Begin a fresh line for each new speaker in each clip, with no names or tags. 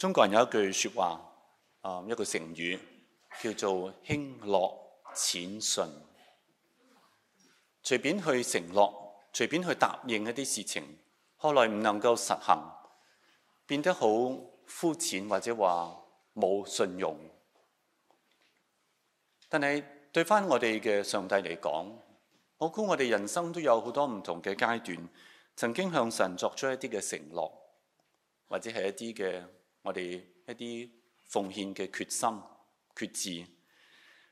中國人有一句說話，啊，一個成語叫做輕諾淺信，隨便去承諾，隨便去答應一啲事情，後來唔能夠實行，變得好膚淺或者話冇信用。但係對翻我哋嘅上帝嚟講，我估我哋人生都有好多唔同嘅階段，曾經向神作出一啲嘅承諾，或者係一啲嘅。我哋一啲奉獻嘅決心、決志，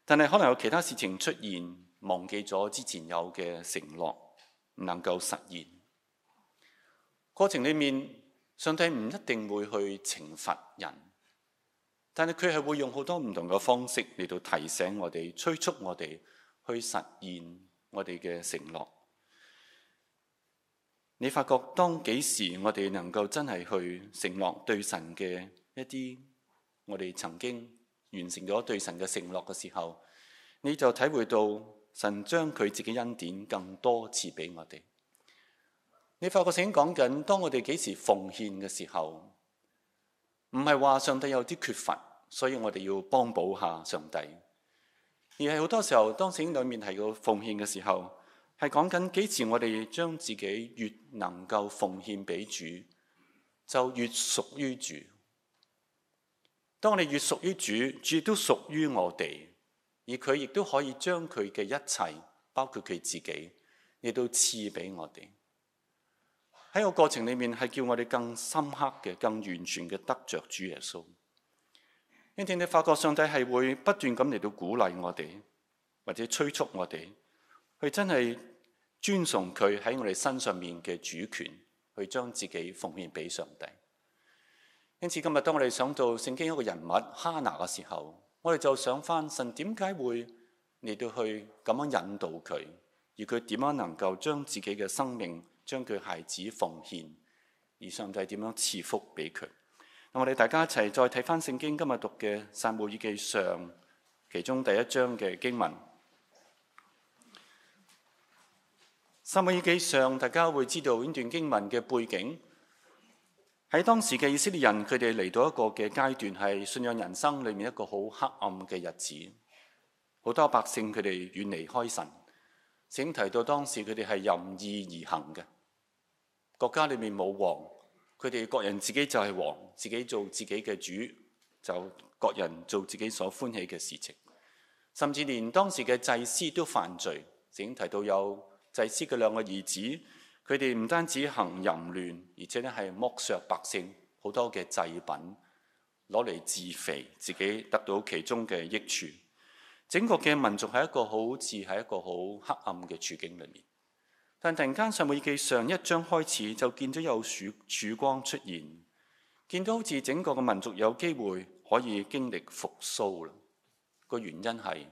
但係可能有其他事情出現，忘記咗之前有嘅承諾，唔能夠實現。過程裡面，上帝唔一定會去懲罰人，但係佢係會用好多唔同嘅方式嚟到提醒我哋、催促我哋去實現我哋嘅承諾。你發覺當幾時我哋能夠真係去承諾對神嘅一啲我哋曾經完成咗對神嘅承諾嘅時候，你就體會到神將佢自己的恩典更多次俾我哋。你發覺聖經講緊當我哋幾時奉獻嘅時候，唔係話上帝有啲缺乏，所以我哋要幫補下上帝，而係好多時候當聖經裏面提到奉獻嘅時候。係講緊幾時，我哋將自己越能夠奉獻俾主，就越屬於主。當你越屬於主，主都屬於我哋，而佢亦都可以將佢嘅一切，包括佢自己，亦都賜俾我哋。喺個過程裏面，係叫我哋更深刻嘅、更完全嘅得着主耶穌。因為你發覺上帝係會不斷咁嚟到鼓勵我哋，或者催促我哋，佢真係。尊崇佢喺我哋身上面嘅主權，去將自己奉獻俾上帝。因此今日當我哋想到聖經一個人物哈拿嘅時候，我哋就想翻神點解會嚟到去咁樣引導佢，而佢點樣能夠將自己嘅生命，將佢孩子奉獻，而上帝點樣賜福俾佢。我哋大家一齊再睇翻聖經今日讀嘅撒母耳記上其中第一章嘅經文。新《士師記》上，大家會知道呢段經文嘅背景喺當時嘅以色列人，佢哋嚟到一個嘅階段，係信仰人生裏面一個好黑暗嘅日子。好多百姓佢哋遠離開神。正提到當時佢哋係任意而行嘅國家裏面冇王，佢哋各人自己就係王，自己做自己嘅主，就各人做自己所歡喜嘅事情，甚至連當時嘅祭司都犯罪。正提到有。祭司嘅兩個兒子，佢哋唔單止行淫亂，而且咧係剝削百姓好多嘅祭品，攞嚟自肥，自己得到其中嘅益處。整個嘅民族係一個好似係一個好黑暗嘅處境裏面，但突然間，《撒母耳記上》一章開始就見咗有曙曙光出現，見到好似整個嘅民族有機會可以經歷復甦啦。個原因係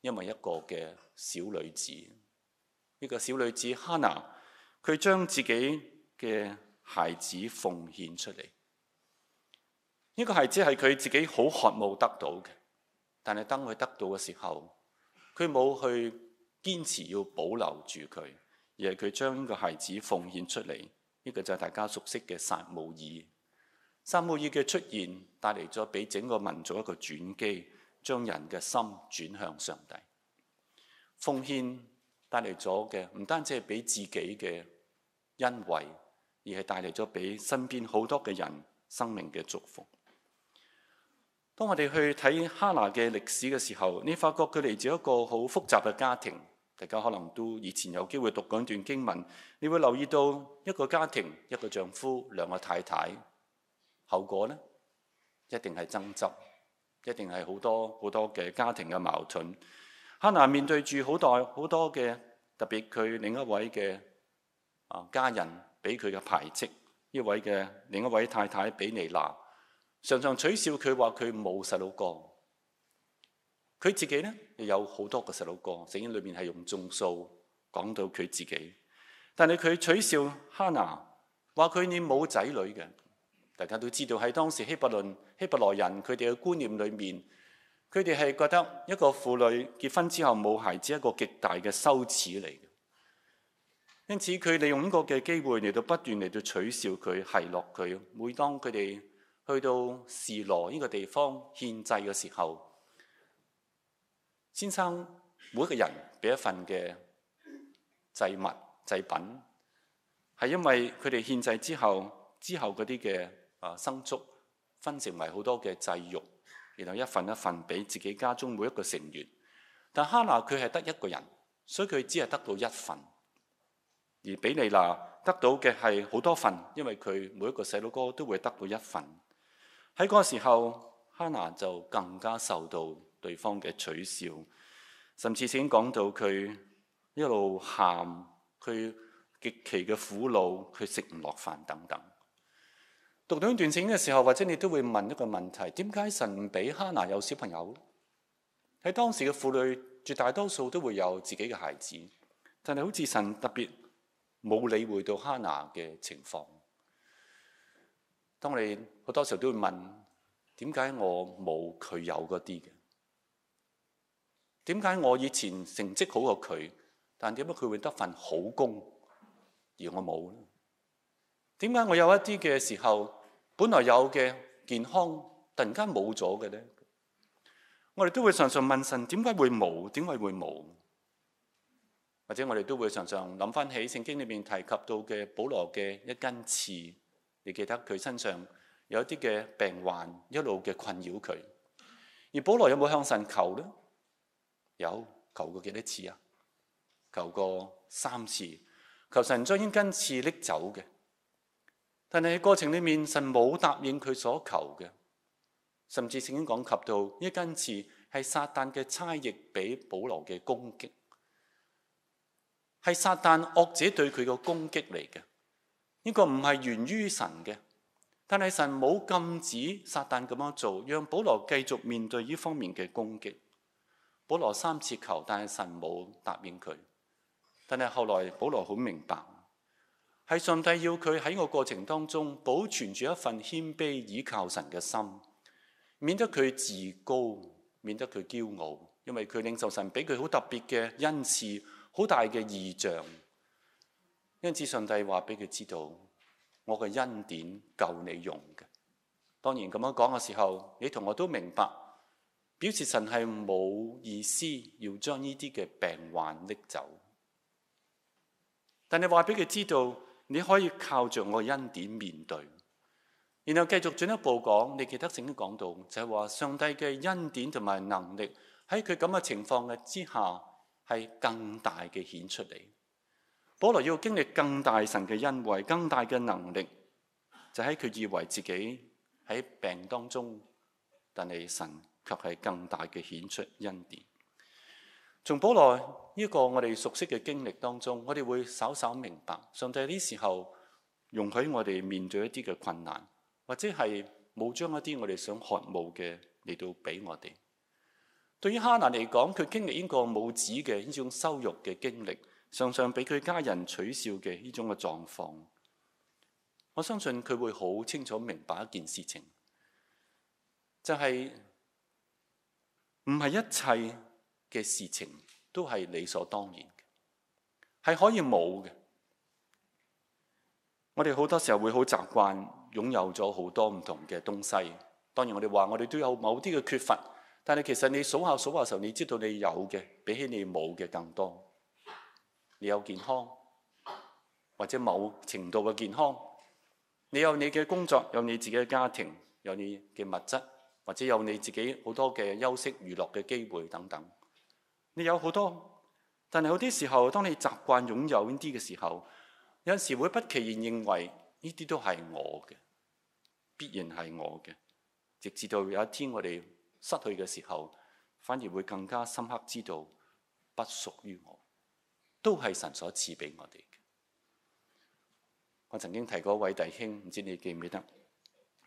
因為一個嘅小女子。呢個小女子哈娜，佢將自己嘅孩子奉獻出嚟。呢個孩子係佢自己好渴望得到嘅，但係當佢得到嘅時候，佢冇去堅持要保留住佢，而係佢將呢個孩子奉獻出嚟。呢個就係大家熟悉嘅撒母耳。撒母耳嘅出現帶嚟咗俾整個民族一個轉機，將人嘅心轉向上帝奉獻。帶嚟咗嘅唔單止係俾自己嘅恩惠，而係帶嚟咗俾身邊好多嘅人生命嘅祝福。當我哋去睇哈拿嘅歷史嘅時候，你發覺佢嚟自一個好複雜嘅家庭。大家可能都以前有機會讀過一段經文，你會留意到一個家庭，一個丈夫，兩個太太，後果呢，一定係爭執，一定係好多好多嘅家庭嘅矛盾。哈拿面對住好多好多嘅，特別佢另一位嘅啊家人俾佢嘅排斥。呢位嘅另一位太太比尼娜，常常取笑佢話佢冇細佬哥。佢自己咧有好多個細佬哥，整裏面係用眾數講到佢自己。但係佢取笑哈拿，話佢你冇仔女嘅。大家都知道喺當時希伯倫希伯來人佢哋嘅觀念裏面。佢哋係覺得一個婦女結婚之後冇孩子，一個極大嘅羞恥嚟，因此佢利用呢個嘅機會嚟到不斷嚟到取笑佢、奚落佢。每當佢哋去到士羅呢個地方獻祭嘅時候，先生每一個人俾一份嘅祭物、祭品，係因為佢哋獻祭之後，之後嗰啲嘅啊牲畜分成為好多嘅祭肉。有一份一份俾自己家中每一個成員，但哈拿佢係得一個人，所以佢只係得到一份，而比利娜得到嘅係好多份，因為佢每一個細路哥都會得到一份。喺嗰個時候，哈拿就更加受到對方嘅取笑，甚至先講到佢一路喊，佢極其嘅苦惱，佢食唔落飯等等。讀到一段經嘅時候，或者你都會問一個問題：點解神唔俾哈拿有小朋友？喺當時嘅婦女，絕大多數都會有自己嘅孩子，但係好似神特別冇理會到哈拿嘅情況。當你好多時候都會問：點解我冇佢有嗰啲嘅？點解我以前成績好過佢？但點解佢會得份好工，而我冇呢？點解我有一啲嘅時候本來有嘅健康突然間冇咗嘅咧？我哋都會常常問神：點解會冇？點解會冇？或者我哋都會常常諗翻起聖經裏面提及到嘅保羅嘅一根刺，你記得佢身上有一啲嘅病患一路嘅困擾佢。而保羅有冇向神求咧？有，求過幾多次啊？求過三次，求神將呢根刺拎走嘅。但係喺過程裏面，神冇答應佢所求嘅，甚至聖經講及到呢根刺係撒旦嘅差役俾保羅嘅攻擊，係撒旦惡者對佢嘅攻擊嚟嘅。呢個唔係源於神嘅，但係神冇禁止撒旦咁樣做，讓保羅繼續面對呢方面嘅攻擊。保羅三次求，但係神冇答應佢。但係後來保羅好明白。係上帝要佢喺我過程當中保存住一份謙卑倚靠神嘅心，免得佢自高，免得佢驕傲，因為佢領受神俾佢好特別嘅恩賜，好大嘅異象。因此上帝話俾佢知道，我嘅恩典夠你用嘅。當然咁樣講嘅時候，你同我都明白，表示神係冇意思要將呢啲嘅病患拎走，但係話俾佢知道。你可以靠着我嘅恩典面對，然後繼續進一步講，你記得聖經講到就係話，上帝嘅恩典同埋能力喺佢咁嘅情況嘅之下係更大嘅顯出嚟。保羅要經歷更大神嘅恩惠、更大嘅能力，就喺佢以為自己喺病當中，但係神卻係更大嘅顯出恩典。從保羅。呢個我哋熟悉嘅經歷當中，我哋會稍稍明白上帝呢時候容許我哋面對一啲嘅困難，或者係冇將一啲我哋想渴慕嘅嚟到俾我哋。對於哈拿嚟講，佢經歷呢個冇子嘅呢種羞辱嘅經歷，常常俾佢家人取笑嘅呢種嘅狀況，我相信佢會好清楚明白一件事情，就係唔係一切嘅事情，都係理所當然嘅，係可以冇嘅。我哋好多時候會好習慣擁有咗好多唔同嘅東西。當然我哋話我哋都有某啲嘅缺乏，但係其實你數下數下時候，你知道你有嘅比起你冇嘅更多。你有健康或者某程度嘅健康，你有你嘅工作，有你自己嘅家庭，有你嘅物質，或者有你自己好多嘅休息娛樂嘅機會等等。你有好多，但係有啲時候，當你習慣擁有呢啲嘅時候，有陣時會不期然認為呢啲都係我嘅，必然係我嘅，直至到有一天我哋失去嘅時候，反而會更加深刻知道不屬於我，都係神所賜俾我哋嘅。我曾經提過一位弟兄，唔知你記唔記得？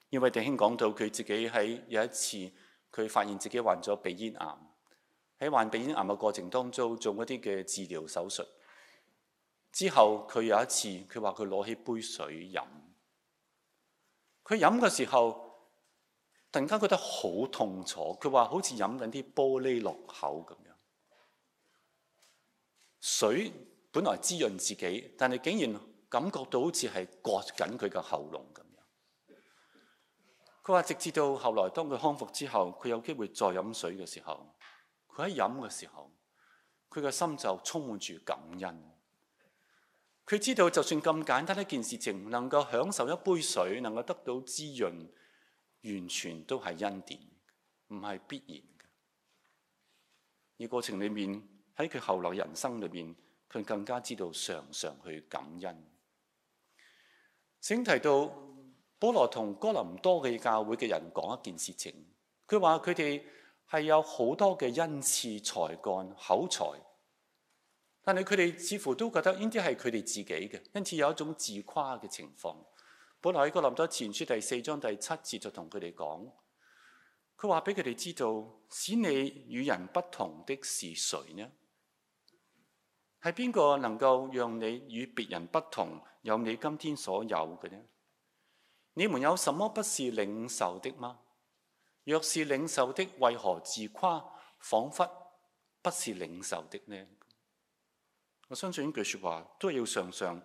因為弟兄講到佢自己喺有一次，佢發現自己患咗鼻咽癌。喺患鼻咽癌嘅過程當中，做一啲嘅治療手術之後，佢有一次，佢話佢攞起杯水飲，佢飲嘅時候突然間覺得好痛楚，佢話好似飲緊啲玻璃落口咁樣。水本來滋潤自己，但係竟然感覺到好似係割緊佢嘅喉嚨咁樣。佢話直至到後來，當佢康復之後，佢有機會再飲水嘅時候。佢喺飲嘅時候，佢嘅心就充滿住感恩。佢知道，就算咁簡單一件事情，能夠享受一杯水，能夠得到滋潤，完全都係恩典，唔係必然。而過程裏面，喺佢後來人生裏面，佢更加知道常常去感恩。請提到，保羅同哥林多嘅教會嘅人講一件事情，佢話佢哋。係有好多嘅恩賜、才幹、口才，但係佢哋似乎都覺得呢啲係佢哋自己嘅，因此有一種自誇嘅情況。本來喺哥林多前書第四章第七節就同佢哋講，佢話俾佢哋知道，使你與人不同的是誰呢？係邊個能夠讓你與別人不同，有你今天所有嘅呢？你們有什麼不是領受的嗎？若是領受的，為何自誇，仿佛不是領受的呢？我相信呢句說話，都要常常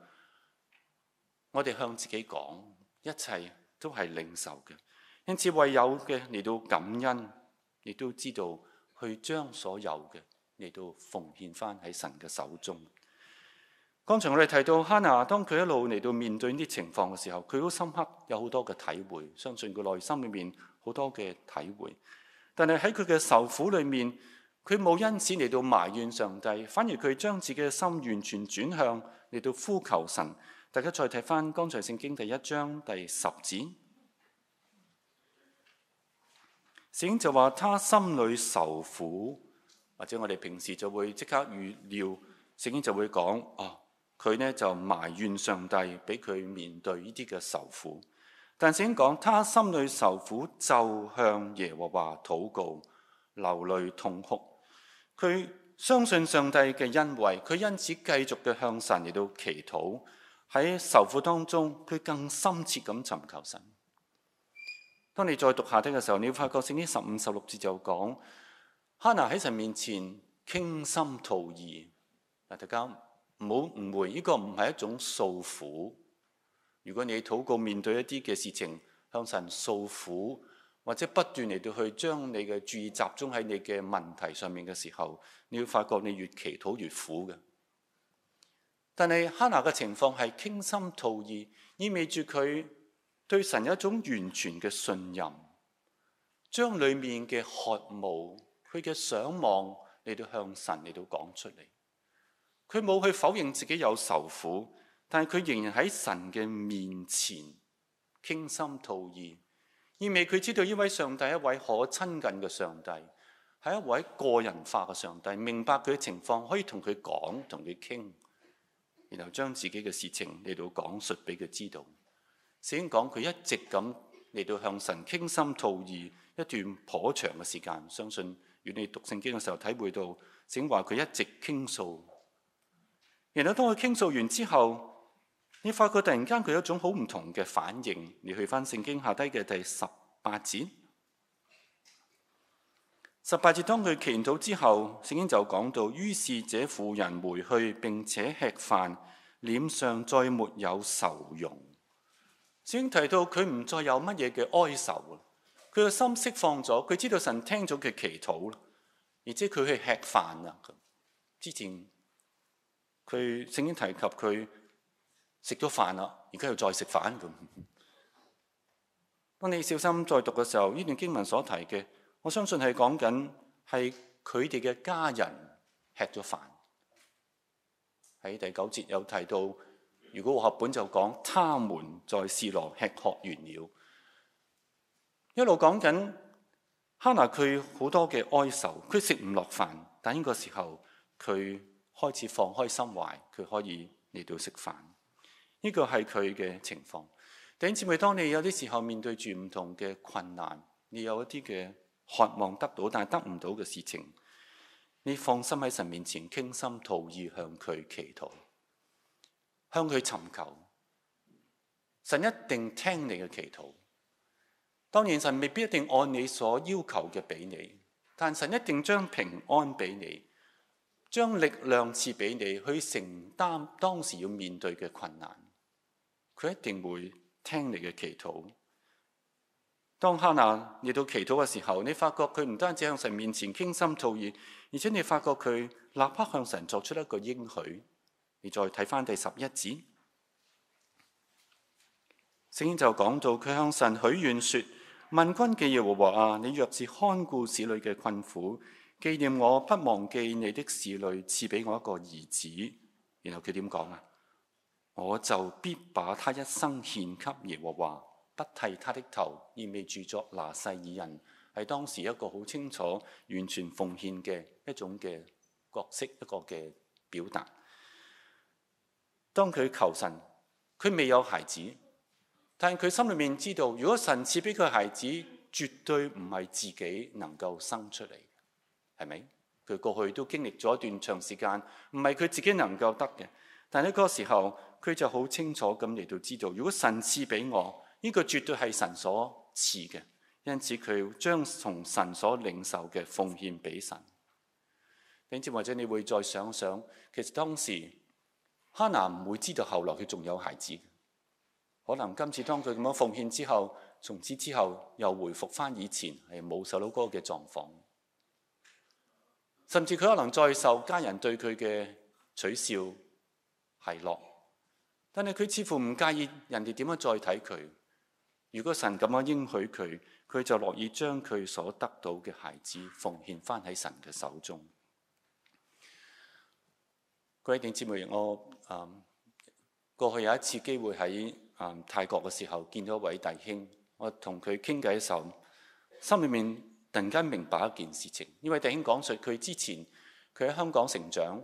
我哋向自己講，一切都係領受嘅，因此唯有嘅嚟到感恩，亦都知道去將所有嘅嚟到奉獻翻喺神嘅手中。剛才我哋提到哈拿，當佢一路嚟到面對呢啲情況嘅時候，佢好深刻有好多嘅體會，相信佢內心裏面。好多嘅體會，但係喺佢嘅受苦裏面，佢冇因此嚟到埋怨上帝，反而佢將自己嘅心完全轉向嚟到呼求神。大家再睇返剛才聖經第一章第十節，聖經就話他心裏受苦，或者我哋平時就會即刻預料，聖經就會講哦，佢呢就埋怨上帝俾佢面對呢啲嘅受苦。但先講，他心裏受苦就向耶和華禱告，流淚痛哭。佢相信上帝嘅恩惠，佢因此繼續嘅向神嚟到祈禱。喺受苦當中，佢更深切咁尋求神。當你再讀下啲嘅時候，你會發覺聖經十五、十六節就講，哈拿喺神面前傾心吐意。大家唔好誤會，呢、這個唔係一種訴苦。如果你禱告面對一啲嘅事情，向神訴苦，或者不斷嚟到去將你嘅注意集中喺你嘅問題上面嘅時候，你會發覺你越祈禱越苦嘅。但係哈拿嘅情況係傾心吐意，意味住佢對神有一種完全嘅信任，將裏面嘅渴慕、佢嘅想望你都向神嚟到講出嚟。佢冇去否認自己有愁苦。但係佢仍然喺神嘅面前傾心吐意，意味佢知道呢位上帝係一位可親近嘅上帝，係一位個人化嘅上帝，明白佢嘅情況，可以同佢講、同佢傾，然後將自己嘅事情嚟到講述俾佢知道。聖經講佢一直咁嚟到向神傾心吐意一段頗長嘅時間，相信如你讀聖經嘅時候體會到，聖經話佢一直傾訴，然後當佢傾訴完之後。你發覺突然間佢有一種好唔同嘅反應，你去翻聖經下低嘅第十八節。十八節當佢祈禱之後，聖經就講到：於是這婦人回去並且吃飯，臉上再沒有愁容。聖經提到佢唔再有乜嘢嘅哀愁，佢嘅心釋放咗，佢知道神聽咗佢祈禱啦，而且佢去吃飯啊。之前佢聖經提及佢。食咗飯啦，而家又再食飯咁。當你小心再讀嘅時候，呢段經文所提嘅，我相信係講緊係佢哋嘅家人吃咗飯，喺第九節有提到。如果和合本就講，他們在示羅吃喝完了，一路講緊哈娜，佢好多嘅哀愁，佢食唔落飯，但呢個時候佢開始放開心懷，佢可以嚟到食飯。呢個係佢嘅情況。弟兄姊妹，當你有啲時候面對住唔同嘅困難，你有一啲嘅渴望得到但係得唔到嘅事情，你放心喺神面前傾心吐意向佢祈禱，向佢尋求，神一定聽你嘅祈禱。當然神未必一定按你所要求嘅俾你，但神一定將平安俾你，將力量賜俾你去承擔當時要面對嘅困難。佢一定會聽你嘅祈禱。當哈拿嚟到祈禱嘅時候，你發覺佢唔單止向神面前傾心吐意，而且你發覺佢立刻向神作出一個應許。你再睇返第十一節，聖經就講到佢向神許願說：萬軍之耶和華啊，你若是看顧子女嘅困苦，紀念我不忘記你的侍女，賜俾我一個兒子。然後佢點講啊？我就必把他一生獻給耶和華，不剃他的頭，意味著作拿細耳人，係當時一個好清楚、完全奉獻嘅一種嘅角色，一個嘅表達。當佢求神，佢未有孩子，但佢心裏面知道，如果神賜俾佢孩子，絕對唔係自己能夠生出嚟，係咪？佢過去都經歷咗一段長時間，唔係佢自己能夠得嘅，但係呢嗰個時候。佢就好清楚咁嚟到知道，如果神賜俾我，呢個絕對係神所賜嘅，因此佢將從神所領受嘅奉獻俾神。甚至或者你會再想想，其實當時哈拿唔會知道後來佢仲有孩子，可能今次當佢咁樣奉獻之後，從此之後又回復翻以前係冇細佬哥嘅狀況，甚至佢可能再受家人對佢嘅取笑、奚落。但係佢似乎唔介意人哋點樣再睇佢。如果神咁樣應許佢，佢就樂意將佢所得到嘅孩子奉獻翻喺神嘅手中。各位弟兄姊妹，我誒、嗯、過去有一次機會喺、嗯、泰國嘅時候見到一位弟兄，我同佢傾偈嘅時候，心裡面突然間明白一件事情。呢位弟兄講述佢之前佢喺香港成長。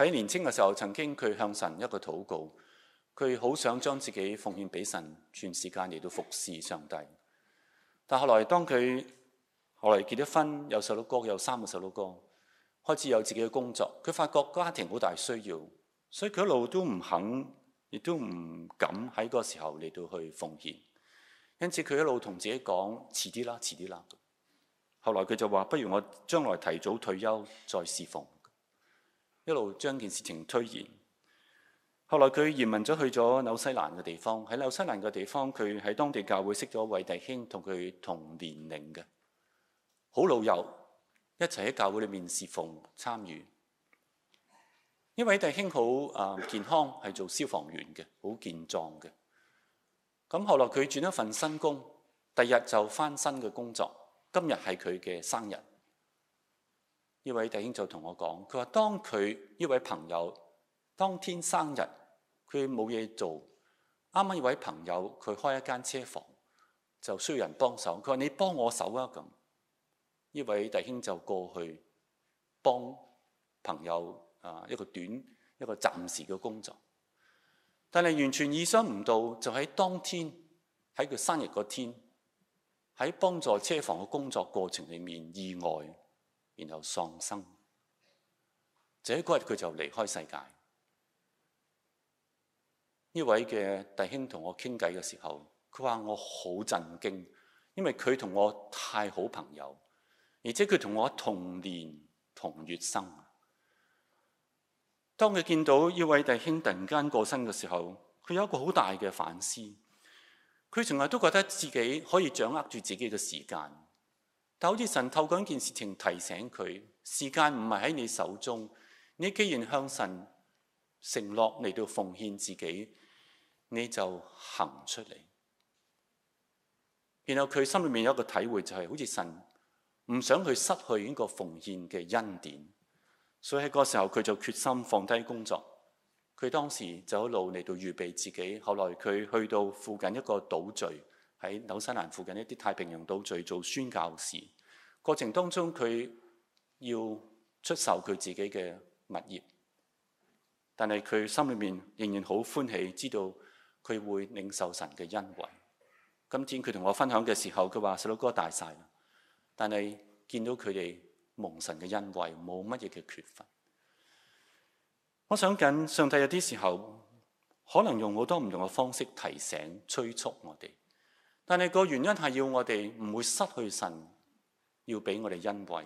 喺年青嘅時候，曾經佢向神一個禱告，佢好想將自己奉獻俾神，全時間嚟到服侍上帝。但後來當佢後來結咗婚，有細佬哥，有三個細佬哥，開始有自己嘅工作，佢發覺家庭好大需要，所以佢一路都唔肯，亦都唔敢喺嗰個時候嚟到去奉獻。因此佢一路同自己講遲啲啦，遲啲啦。後來佢就話：不如我將來提早退休再侍奉。一路將件事情推延，後來佢移民咗去咗紐西蘭嘅地方。喺紐西蘭嘅地方，佢喺當地教會識咗位弟兄，同佢同年齡嘅，好老友，一齊喺教會裏面侍奉參與。呢位弟兄好啊，健康，係 做消防員嘅，好健壯嘅。咁後來佢轉咗一份新工，第日就翻新嘅工作。今日係佢嘅生日。呢位弟兄就同我講，佢話當佢呢位朋友當天生日，佢冇嘢做，啱啱呢位朋友佢開一間車房，就需要人幫手。佢話你幫我手啊咁。呢位弟兄就過去幫朋友啊一個短一個暫時嘅工作，但係完全意想唔到，就喺當天喺佢生日嗰天，喺幫助車房嘅工作過程裏面意外。然後喪生，這日，佢就離開世界。呢位嘅弟兄同我傾偈嘅時候，佢話，我好震驚，因為佢同我太好朋友，而且佢同我同年同月生。當佢見到呢位弟兄突然間過身嘅時候，佢有一個好大嘅反思。佢成日都覺得自己可以掌握住自己嘅時間。但好似神透過一件事情提醒佢，時間唔係喺你手中。你既然向神承諾嚟到奉獻自己，你就行出嚟。然後佢心裏面有一個體會，就是，就係好似神唔想去失去呢個奉獻嘅恩典，所以喺嗰時候佢就決心放低工作。佢當時就一路嚟到預備自己。後來佢去到附近一個島嶼。喺紐西蘭附近一啲太平洋島嶼做宣教士，過程當中，佢要出售佢自己嘅物業，但係佢心裏面仍然好歡喜，知道佢會領受神嘅恩惠。今天佢同我分享嘅時候，佢話細佬哥大晒啦，但係見到佢哋蒙神嘅恩惠，冇乜嘢嘅缺乏。我想緊上帝有啲時候可能用好多唔同嘅方式提醒、催促我哋。但係個原因係要我哋唔會失去神，要俾我哋恩惠，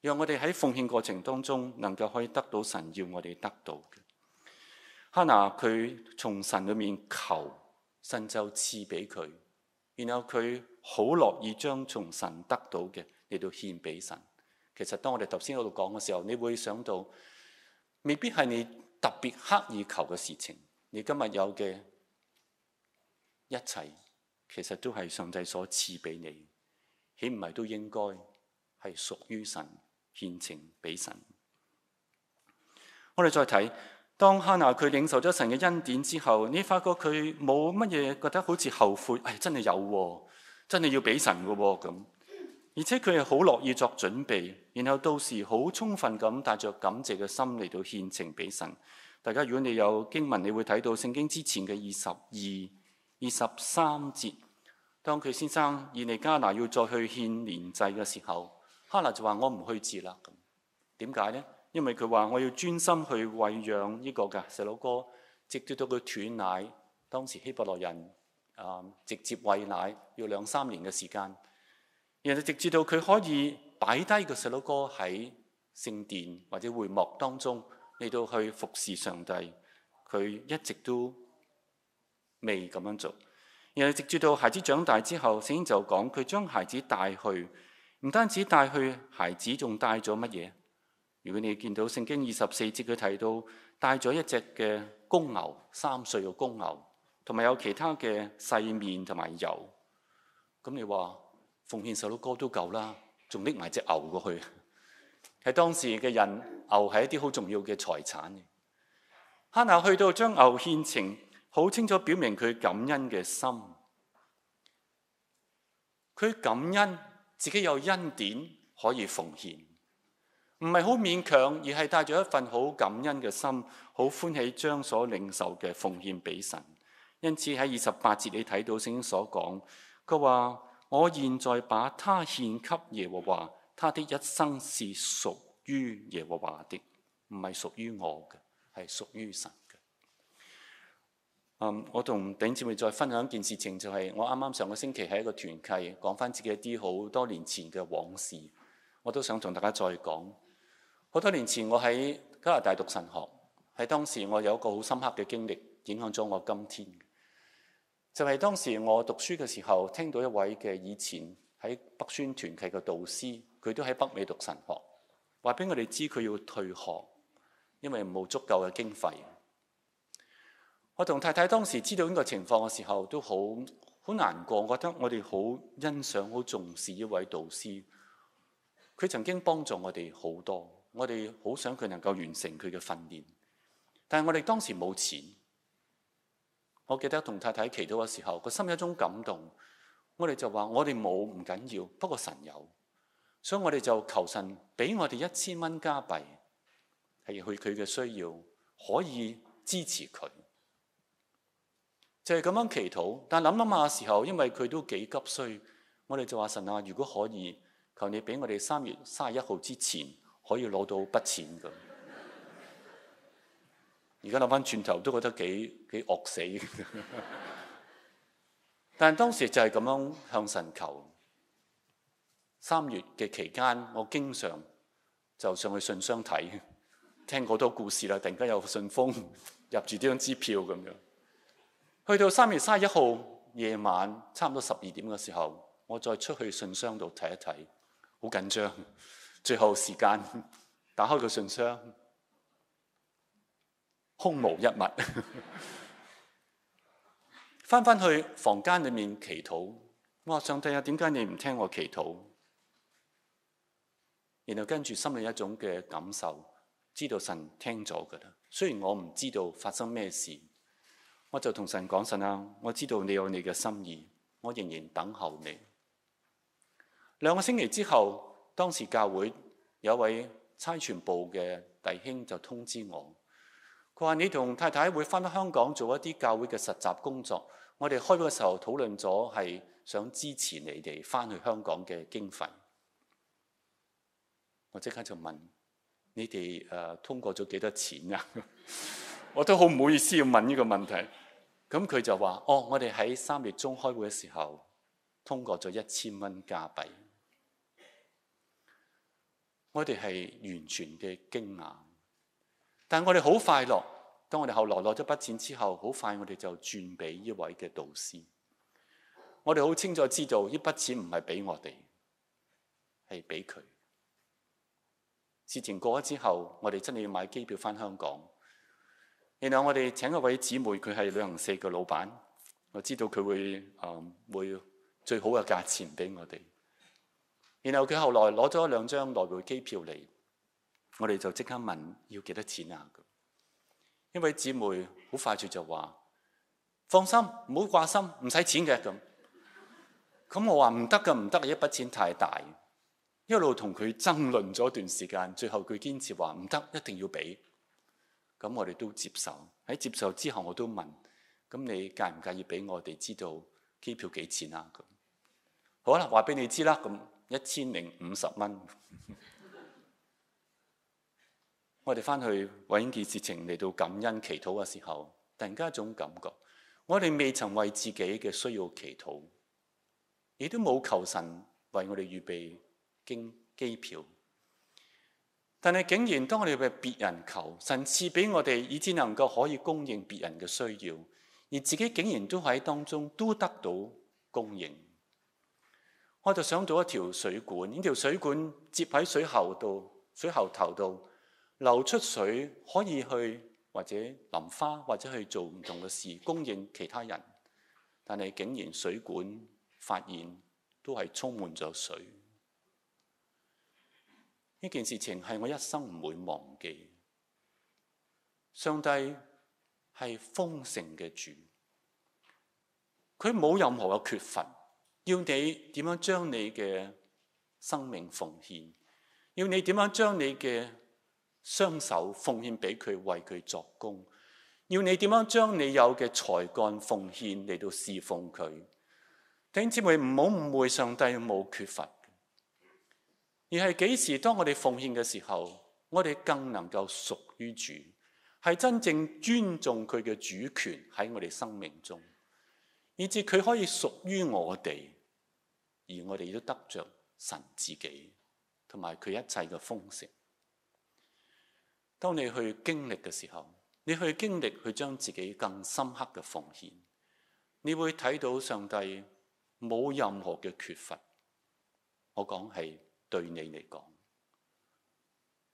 讓我哋喺奉獻過程當中能夠可以得到神要我哋得到嘅。哈娜佢從神裏面求，神就賜俾佢，然後佢好樂意將從神得到嘅嚟到獻俾神。其實當我哋頭先喺度講嘅時候，你會想到未必係你特別刻意求嘅事情，你今日有嘅一切。其實都係上帝所賜俾你，豈唔係都應該係屬於神獻情俾神？我哋再睇，當哈拿佢領受咗神嘅恩典之後，你發覺佢冇乜嘢覺得好似後悔，哎真係有，真係、哦、要俾神噶咁、哦。而且佢係好樂意作準備，然後到時好充分咁帶着感謝嘅心嚟到獻情俾神。大家如果你有經文，你會睇到聖經之前嘅二十二。二十三節，當佢先生以利加拿要再去獻年祭嘅時候，哈拿就話：我唔去節啦。點解呢？因為佢話我要專心去餵養呢個嘅細佬哥，直接到佢斷奶。當時希伯來人啊、呃，直接餵奶要兩三年嘅時間，然後直至到佢可以擺低個細佬哥喺聖殿或者會幕當中嚟到去服侍上帝，佢一直都未咁樣做，然後直至到孩子長大之後，聖經就講佢將孩子帶去，唔單止帶去孩子，仲帶咗乜嘢？如果你見到聖經二十四節，佢提到帶咗一隻嘅公牛，三歲嘅公牛，同埋有其他嘅細麵同埋油。咁你話奉獻細路哥都夠啦，仲拎埋隻牛過去。喺當時嘅人，牛係一啲好重要嘅財產嘅。哈，嗱去到將牛獻呈。好清楚表明佢感恩嘅心，佢感恩自己有恩典可以奉獻，唔係好勉強，而係帶住一份好感恩嘅心，好歡喜將所領受嘅奉獻俾神。因此喺二十八節你睇到聖經所講，佢話：我現在把他獻給耶和華，他的一生是屬於耶和華的，唔係屬於我嘅，係屬於神。我同頂姐妹再分享一件事情，就係我啱啱上個星期喺一個團契講翻自己一啲好多年前嘅往事，我都想同大家再講。好多年前我喺加拿大讀神學，喺當時我有一個好深刻嘅經歷，影響咗我今天。就係當時我讀書嘅時候，聽到一位嘅以前喺北宣團契嘅導師，佢都喺北美讀神學，話俾我哋知佢要退學，因為冇足夠嘅經費。我同太太當時知道呢個情況嘅時候都好，都好好難過，我覺得我哋好欣賞、好重視一位導師。佢曾經幫助我哋好多，我哋好想佢能夠完成佢嘅訓練。但係我哋當時冇錢。我記得同太太祈禱嘅時候，個心有一種感動。我哋就話：我哋冇，唔緊要，不過神有，所以我哋就求神俾我哋一千蚊加幣，係去佢嘅需要，可以支持佢。就係咁樣祈禱，但諗諗下時候，因為佢都幾急需，我哋就話神啊，如果可以，求你俾我哋三月三十一號之前可以攞到筆錢咁。而家諗翻轉頭都覺得幾幾惡死的。但當時就係咁樣向神求。三月嘅期間，我經常就上去信箱睇，聽好多故事啦。突然間有個信封入住呢張支票咁樣。去到三月三十一號夜晚，差唔多十二點嘅時候，我再出去信箱度睇一睇，好緊張。最後時間打開個信箱，空無一物。翻翻去房間裏面祈禱，我話上帝啊，點解你唔聽我祈禱？然後跟住心裏一種嘅感受，知道神聽咗噶啦。雖然我唔知道發生咩事。我就同神講，神啦，我知道你有你嘅心意，我仍然等候你。兩個星期之後，當時教會有一位差傳部嘅弟兄就通知我，佢話，你同太太會翻到香港做一啲教會嘅實習工作。我哋開會嘅時候討論咗，係想支持你哋翻去香港嘅經費。我即刻就問，你哋誒、呃、通過咗幾多錢啊？ 我都好唔好意思要問呢個問題。咁佢就話：哦，我哋喺三月中開會嘅時候通過咗一千蚊加幣。我哋係完全嘅驚訝，但我哋好快樂。當我哋後來攞咗筆錢之後，好快我哋就轉俾呢位嘅導師。我哋好清楚知道呢筆錢唔係俾我哋，係俾佢。事情過咗之後，我哋真係要買機票翻香港。然後我哋請一位姊妹，佢係旅行社嘅老闆，我知道佢會、呃、會最好嘅價錢俾我哋。然後佢後來攞咗兩張來回機票嚟，我哋就即刻問要幾多錢啊？呢位姊妹好快脆就話：放心，唔好掛心，唔使錢嘅咁。咁我話唔得噶，唔得，一筆錢太大。一路同佢爭論咗段時間，最後佢堅持話唔得，一定要俾。咁我哋都接受，喺接受之後我都問：咁你介唔介意俾我哋知道機票幾錢啊？咁好啦，話俾你知啦。咁一千零五十蚊。 我哋翻去揾件事情嚟到感恩祈禱嘅時候，突然間一種感覺，我哋未曾為自己嘅需要祈禱，亦都冇求神為我哋預備經機票。但係竟然當我哋為別人求，神賜俾我哋，以至能夠可以供應別人嘅需要，而自己竟然都喺當中都得到供應。我就想到一條水管，呢條水管接喺水喉度，水喉頭度流出水，可以去或者淋花，或者去做唔同嘅事，供應其他人。但係竟然水管發現都係充滿咗水。呢件事情係我一生唔會忘記。上帝係豐盛嘅主，佢冇任何嘅缺乏。要你點樣將你嘅生命奉獻，要你點樣將你嘅雙手奉獻俾佢為佢作工，要你點樣將你有嘅才幹奉獻嚟到侍奉佢。弟兄姊妹，唔好誤會，上帝冇缺乏。而係幾時？當我哋奉獻嘅時候，我哋更能夠屬於主，係真正尊重佢嘅主權喺我哋生命中，以至佢可以屬於我哋，而我哋都得着神自己，同埋佢一切嘅豐盛。當你去經歷嘅時候，你去經歷去將自己更深刻嘅奉獻，你會睇到上帝冇任何嘅缺乏。我講係。對你嚟講，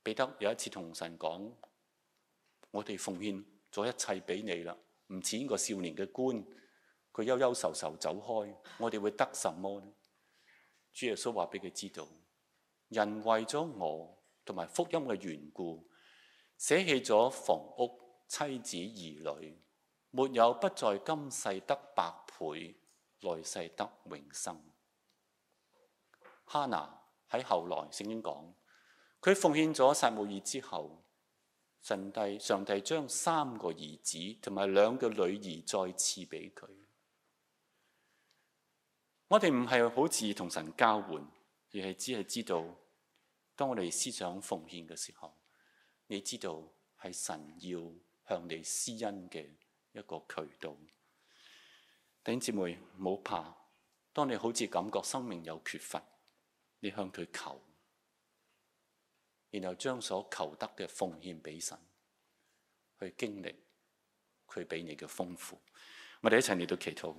彼得有一次同神講：我哋奉獻咗一切俾你啦，唔似呢個少年嘅官，佢憂憂愁愁走開，我哋會得什麼呢？主耶穌話俾佢知道：人為咗我同埋福音嘅緣故，捨棄咗房屋、妻子、兒女，沒有不在今世得百倍，來世得永生。哈拿。喺後來聖經講，佢奉獻咗撒母耳之後，上帝上帝將三個兒子同埋兩個女兒再賜俾佢。我哋唔係好似同神交換，而係只係知道，當我哋思想奉獻嘅時候，你知道係神要向你施恩嘅一個渠道。弟兄姐妹，唔好怕，當你好似感覺生命有缺乏。你向佢求，然後將所求得嘅奉獻畀神，去經歷佢畀你嘅豐富。我哋一齊嚟到祈禱。